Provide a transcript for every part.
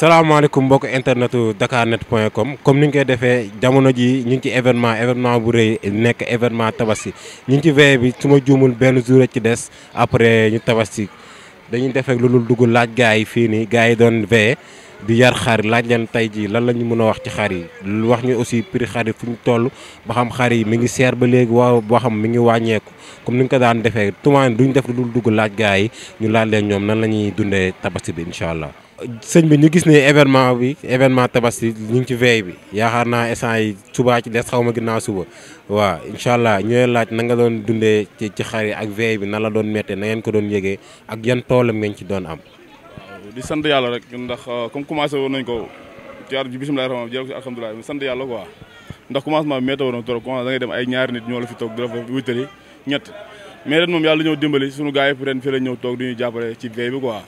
salaamaaleykum mbokk internetu dakarnet.com comme comme ni ñu koy defee jamono ji ñu ngi ci événement événement bu rëy nekk événement tabasi ñu ngi ci veye bi su ma juumul benn jour ci des après ñu tabaski dañuy def lu dul dugg laaj gars yi fii nii gars yi doon veille di yar xar laaj leen tey jii lan la ñu mën a wax ci xar yi wax ñu aussi prix xar yi fu ñu toll ba xam xar yi mi ngi seer ba léegi waaw boo xam mi ngi wàññeeku comme ni ñu ko daan defee tumaan duñu def lu dugg laaj gars yi ñu laaj ñoom nan la ñuy dundee tabaski bi incha allah. sëñ bi ñu gis ne événement bi événement tabaski ñu ngi ci veille bi yaakaar naa instant yi subaa ci des xaw ma ginnaaw suba waaw incha allah ñooy laaj na nga doon dundee ci ci xar yi ak veille bi na la doon méttee na ngeen ko doon yëgee ak yan toolam ngeen ci doon am. di sant yàlla rek ndax euh, comme commencé woon nañ ko ci ar bisimilah rahmaani jeex sant yàlla quoi ndax commencement bi méttee woon trop commencé da dem ay ñaari nit ñoo la fi toog di rafetlu wutali ñett mais ren moom yàlla ñëw dimbali suñu gars yi ren ñëw toog di ñu jàppale ci veille bi quoi.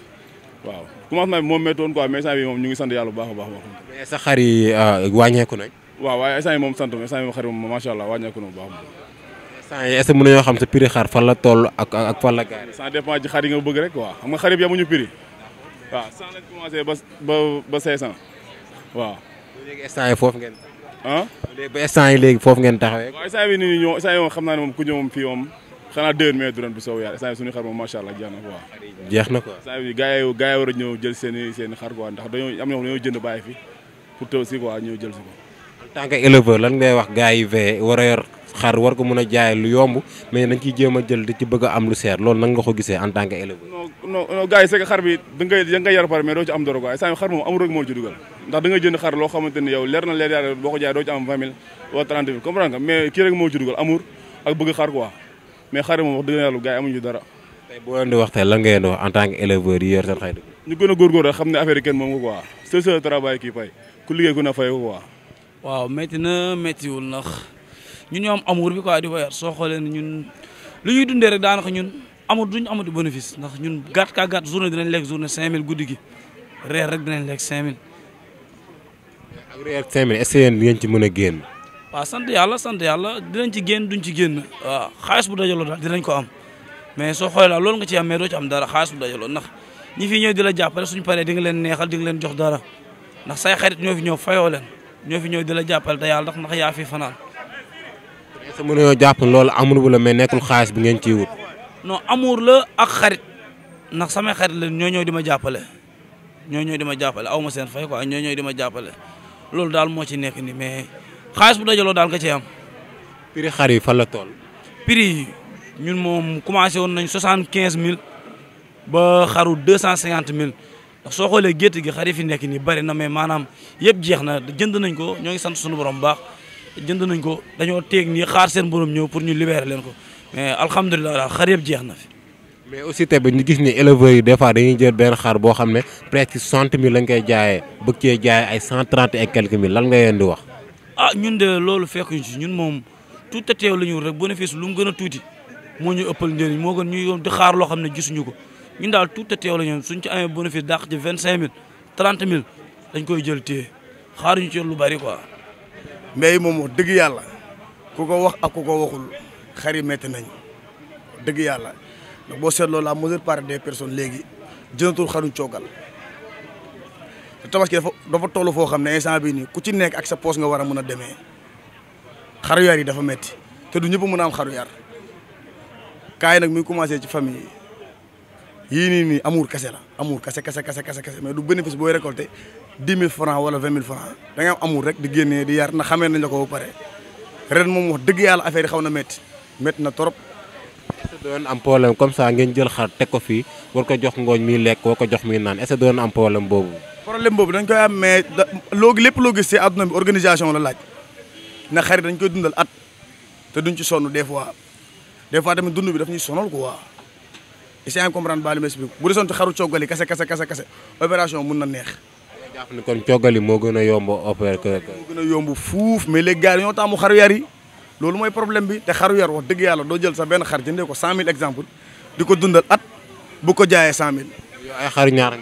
waaw commencement bi moom méttoon quoi mais instant bi moom ñu ngi sant yàlla bu baax a baax mais euh, waaw waaye instant moom sant instant yi moom xar yi moom macha allah wàññeeku na bu baax instant yi est sa prix xar fan la toll ak ak fan la gaari ça dépend ci xar yi nga bëgg ba ba ba cinq cent waaw léegi yi foofu ngeen ah léegi ba instant yi léegi foofu ngeen taxawee waaw instant bi ñoo instant moom xam naa ne moom ku ñëw moom fii moom xanaa déwén mais du ren bu sow yàlla saa suñu xar moom macha allah jeex na quoi. jeex na quoi saa yu gars yi gars yi war a ñëw jël seen i seen i xar quoi ndax dañoo am na ñoo jënd bàyyi fi pour tëb si quoi ñëw jël si ko. en tant que éleveur lan ngay wax gars yi vee war a yor xar war ko mën a jaay lu yomb mais dañ ciy jéem a jël di ci bëgg a am lu seer loolu nan nga ko gisee en tant que éleveur. non non gars yi c'est que xar bi da ngay da ngay yar pare mais doo ci am doro quoi saa yu xar moom amul rek moo ci dugal ndax da nga jënd xar loo xamante ni yow leer na leer yaa boo ko jaay doo ci am 20 000 wala 30 000 comprendre nga mais kii rek moo ci dugal amour ak bëgg xar quoi mais xare moom wax dëgg yàlla gars yi amuñu dara tey boo leen di wax tey lan nga leen en tant que éleveur yi yor seen xay dëgg ñu gën a góorgóor rek xam ne affaire moom ko quoi c'est ça travail kii fay ku liggéey ku ne fay ko quoi waaw metti na méttiwul ndax ñun ñoo am amour bi quoi di soo xoolee ne ñun lu ñuy dundee rek daanaka ñun amul duñ amati bénéfice ndax ñun gàtt kaa gàtt journée dinañ lekk journée 5000 guddi gi reer rek dinañ lekk 5000 ak reer 5000 est-ce que ngeen ci mën a génn waaw sant yàlla sant yàlla dinañ ci génn duñ ci génn waaw xaalis bu dajaloo daal dinañ ko am mais soo xoolee daal loolu nga ci am mais doo ci am dara xaalis bu dajaloo ndax ñi fi ñëw di la jàppale suñ paree dinga leen neexal di nga leen jox dara ndax say xarit ñoo fi ñëw fayoo leen ñoo fi ñëw di la jàppale te yàlla ndax ndax yaa mën nañoo jàpp loolu amul bu la mais nekkul xaalis bi ngeen ciy wut non la ak xarit ndax samay xarit leen ñoo ñëw di ma jàppale ñoo ñëw di ma jàppale aw ma seen fay quoi ñoo ñëw di ma jàppale loolu daal moo ci nekk ni mais xaalis bu dajaloo daal nga cee am. prix xar yi fan la tool prix yi ñun moom commencé woon nañ soixante quinze mille ba xaru deux cent cinquante mille ndax soo xoolee gétt gi xar yi fi nekk nii bari na mais maanaam yëpp jeex na jënd nañ ko ñoo ngi sant suñu borom baax jënd nañ ko dañoo teeg nii xaar seen borom ñëw pour ñu libérer leen ko mais alhamdulilah daal xar yëpp jeex na fi. mais aussi tamit ñu gis ni éleveurs yi des fois dañuy jël benn xar boo xam ne presque soixante mille lañ koy jaayee bëgg cee jaayee ay cent trente et lan nga leen di wax. ah ñun de loolu fekkuñ si ñun moom tout à teew la ñu rek bénéfice lu mu gën a tuuti moo ñu ëppal njëriñ moo gën ñuy di xaar loo xam ne gisuñu ko ñun daal tout à teew la ñu suñ ci amee bénéfice dàq ci vingt cinq mille trente mille dañ koy jël xaar xaaruñu ci lu bari quoi. mais moom wax dëgg yàlla ku ko wax ak ku ko waxul xar yi métti nañ dëgg yàlla boo seetloo la majeure partie des personnes léegi jënatul xaruñ coogal. te tabaski dafa dafa toll foo xam ne instant bii nii ku ci nekk ak sa poos nga war a mën a demee xaru yar yi dafa metti te du ñëpp mën a am xaru yar kaay nag muy commencé ci famille yi yii nii nii amuur kese la amuur kese kese kase kese mais du bénéfice booy récolté dix mille francs wala vingt mille francs da nga am amuur rek di génnee di yar na xamee nañ ko ba pare ren moom wax dëgg yàlla affaire yi xaw na métti métti na trop. est-ce que doon am problème comme ngeen jël xar teg ko fii war ko jox ngooñ mi lekk ko jox mi naan est-ce que doon problème boobu dañ koy am mais loogi lépp loo gis ci na bi organisation la laaj na xarit dañ koy dundal at te duñ ci sonn des fois des fois tamit dund bi daf ñuy sonal quoi essayer comprendre baa li ma explique bu desoon ci xaru coggali kase kase kase kase opération mun na neex jàpp ni kon coggali moo gën a yomb opéré moo gën a fuuf mais léegi gars yi ñoo taamu xaru yar yi loolu mooy problème bi te xaru yar wax dëgg yàlla doo jël sa benn xar jëndee ko cent mille exemple di ko dundal at bu ko jaayee cent mille ay xaru ñaar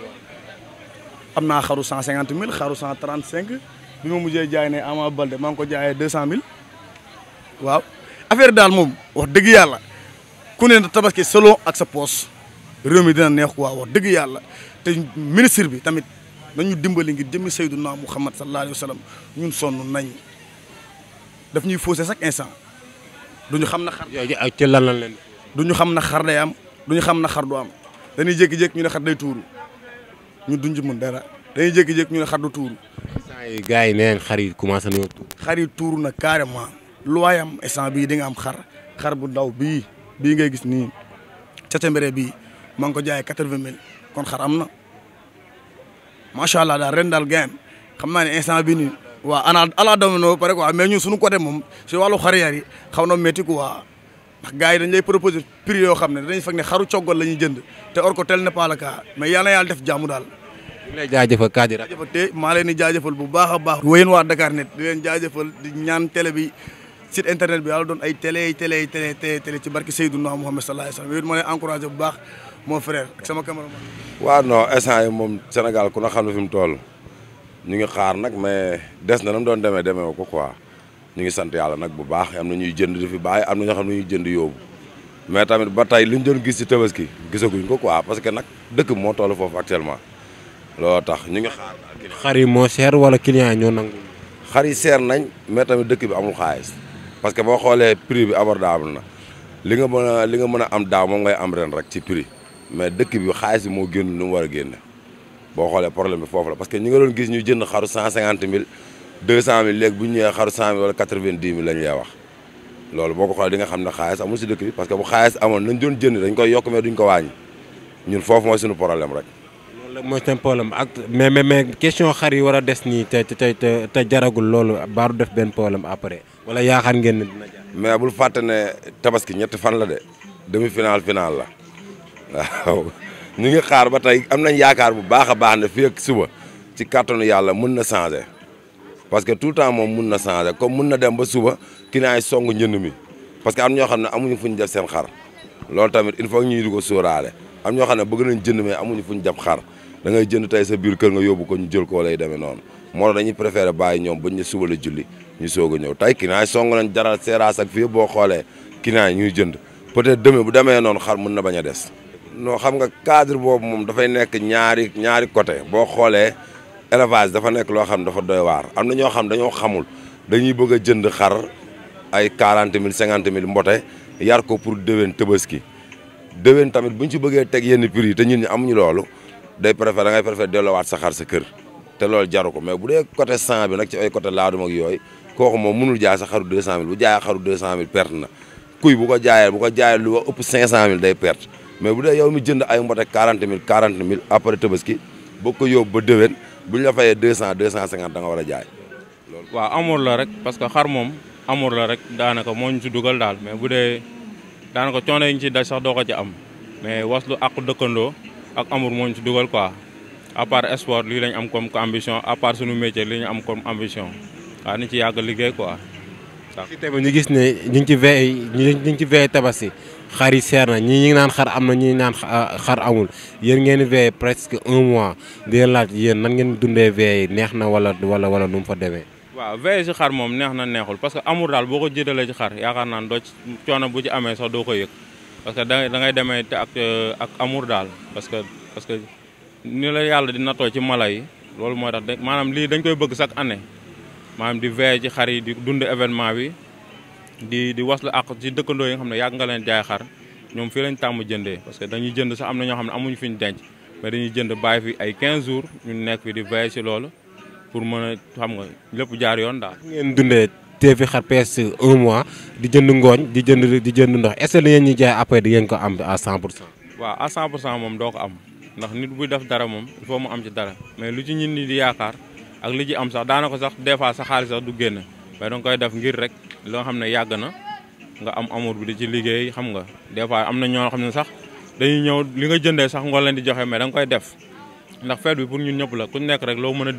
naa xaru cent cinquante mille xaru cent trente cinq bi ma mujjee jaay ne Ama Balde maa ko jaayee deux cent mille waaw affaire daal moom wax dëgg yàlla ku ne tabaski selon ak sa poos réew mi dina neex waaw wax dëgg yàlla te ministre bi tamit nañu dimbali ngir jëmmi Seydunaa Muhammad sallallahu alayhi wa sallam ñun sonn nañ daf ñuy faussé chaque instant duñu xam na xar ci lan la leen duñu xam na xar day am duñu xam na xar du am dañuy jékki-jékki ñu ne xar day tuuru ñu duñ ci dara dañuy jékki-jékki ñu ne xar du tuuru. instant yi gars yi nee xar yi commencé nañoo tuuru. xar yi tuuru na carrément lu waay am instant bii di nga am xar xar bu ndaw bii bii ngay gis nii cacambere bii maa ngi ko jaay quatre-vingt mille kon xar am na macha allah daal ren daal gain xam naa ne instant bi nii. waa ana ala dominoo ba pare quoi mais ñun suñu côté moom si wàllu xar yar yi xaw na métti quoi. ndax gars yi dañ lay proposer prix yoo xam ne danañ fekk ne xaru coggal la ñuy jënd te or ko tel n'est pas le cas mais yàlla na yàlla def jàmm daal. ñu lay jaajëfal Kadira. jaajëfal te maa leen di jaajëfal bu baax a baax. wéyeen waa Dakar Net di leen jaajëfal di ñaan tele bi site internet bi yàlla doon ay tele télé télé télé ci barke Seydina Mohamed sallallahu alayhi wa sallam yow it ma lay encouragé bu baax mon frère ak sama cameraman. waaw non instant yi moom Sénégal ku na xam ne fi mu toll ñu ngi xaar nag mais des na nam doon demee demee ko quoi. ñu ngi sant yàlla nag bu baax am na ñuy jënd di fi bàyyi am na ñoo xam ne ñuy jënd yóbbu mais tamit ba tey li ñu doon gis ci tabaski gisaguñ ko quoi parce que nag dëkk moo toll foofu actuellement looloo tax ñu ngi xaar. xar yi moo seer wala client yi ñoo nangu. xar yi seer nañ mais tamit dëkk bi amul xaalis parce que boo xoolee prix bi abordable na li nga mën a li nga mën a am daaw moom ngay am ren rek ci prix mais dëkk bi xaalis bi moo génn nu mu war a génne boo xoolee problème bi foofu la parce que ñi nga doon gis ñu jënd xaru cent cinquante mille deux cent mille léegi bu ñu ñëwee xaru cent mille wala quatre-vingt-dix mille lañ lay wax loolu boo ko xoolee di nga xam ne xaalis amul si dëkk bi parce que bu xaalis amoon nañ doon jënd dañ koy yokk mais duñ ko wàññi ñun foofu mooy suñu problème rek. loolu la mooy seen problème mais mais mais question xar yi war a des nii te te te jaragul loolu baaru def benn problème après wala yaakaar ngeen ne dina jar. mais bul fàtte ne tabaski ñetti fan la de demi final final la waaw ñu ngi xaar ba tey am nañ yaakaar bu baax a baax ne fii ak suba ci kàttanu yàlla mën na changer. parce que tout le temps moom mun na changer comme mun na dem ba suba client yi song njënd mi parce que am ñoo xam ne amuñu fu ñu def seen xar loolu tamit il faut ñuy di ko sóoraale am ñoo xam ne bëgg nañ jënd mais amuñu fu ñu def xar jënd tey sa biir kër nga yóbbu ko ñu jël koo lay demee noonu moo tax dañuy préféré bàyyi ñoom bañ ñu suba la julli ñu soog a ñëw tey client yi song nañ jaral seeraas ak fii boo xoolee client yi ñuy jënd peut-être demee bu demee noonu xar mun na bañ a des noo xam nga cadre boobu moom dafay nekk ñaari ñaari côté boo xoolee élevage dafa nekk loo xam ne dafa doy waar am na ñoo xam dañoo xamul dañuy bëgg a jënd xar ay quarante mille cinquante mille mbote yar ko pour déwén tëbaski déwén tamit bu ñu ci bëggee teg yenn prix yi te ñun ñi amuñu loolu day préféré da ngay préféré delloowaat sa xar te loolu jar ko mais bu dee côté cent bi nag ci ay côté laadum yooy yooyu kooku moom mënul jaay sa xaru deux cent mille bu jaayee xaru deux cent mille perte na kuy bu ko jaayee bu ko jaayee lu ko ëpp cinq cent mille day perte mais bu dee yow mi jënd ay mbote quarante mille quarante mille après tëbaski boo ko yóbbu ba déwén buñ la fayee deux cent deux cent cinquante da nga war a jaay. waa waaw amour rek parce que xar moom amour la rek daanaka moo ñu ci dugal daal mais bu dee daanaka coono yi ñu ci daj sax doo ko ci am mais waslu ak dëkkandoo ak amour moo ñu ci dugal quoi à part sport lii lañ am comme ambition à part suñu métier lii ñu am comme ambition waaw ni ci yàgg liggéey quoi. si tamit ñu gis ne ñu ngi ci veille ñu ngi ci veille tabaski xar yi seer na ñii ñu ngi naan xar am na ñii naan ah, xar amul yéen ngeen veille presque un mois di leen laaj yéen nan ngeen dundee veille neex na wala wala wala nu mu fa demee. waaw veille si xar moom neex na neexul parce que amul daal boo ko jëndalee ci xar yaakaar naa doo ci coono bu ci amee sax doo ko yëg parce que da ngay demee te ak euh, ak amul daal parce que parce que ni la yàlla di natoo ci mala yi loolu mooy tax maanaam lii dañ koy bëgg chaque année. maanaam di veillé ci xar yi di dund événement bi di di waslu àq ci dëkkandoo yi nga xam ne yàgg nga leen jaay xar ñoom fii lañ tàmm jëndee parce que dañuy jënd sax am na ñoo xam ne amuñu fi ñu denc mais dañuy jënd bàyyi fi ay 15 jours ñu nekk fi di veillé ci loolu pour mën a xam nga lépp jaar yoon daal. ngeen dundee teefi xar presque un mois di jënd ngooñ di jënd di jënd ndox est ce que li jaay après di ngeen ko am à 100 pour cent. waaw à 100 pour cent moom doo ko am ndax nit buy def dara moom il mu am ci dara ak li am sax daanaka sax des fois sa xaalis sax du génn mais danga koy def ngir rek loo xam ne yàgg na nga am amour bi di ci liggéey xam nga des fois am na ñoo xam ne sax dañuy ñëw li nga jëndee sax nga di joxe mais danga koy def ndax feet bi pour ñun ñëpp la ku nekk rek loo mën a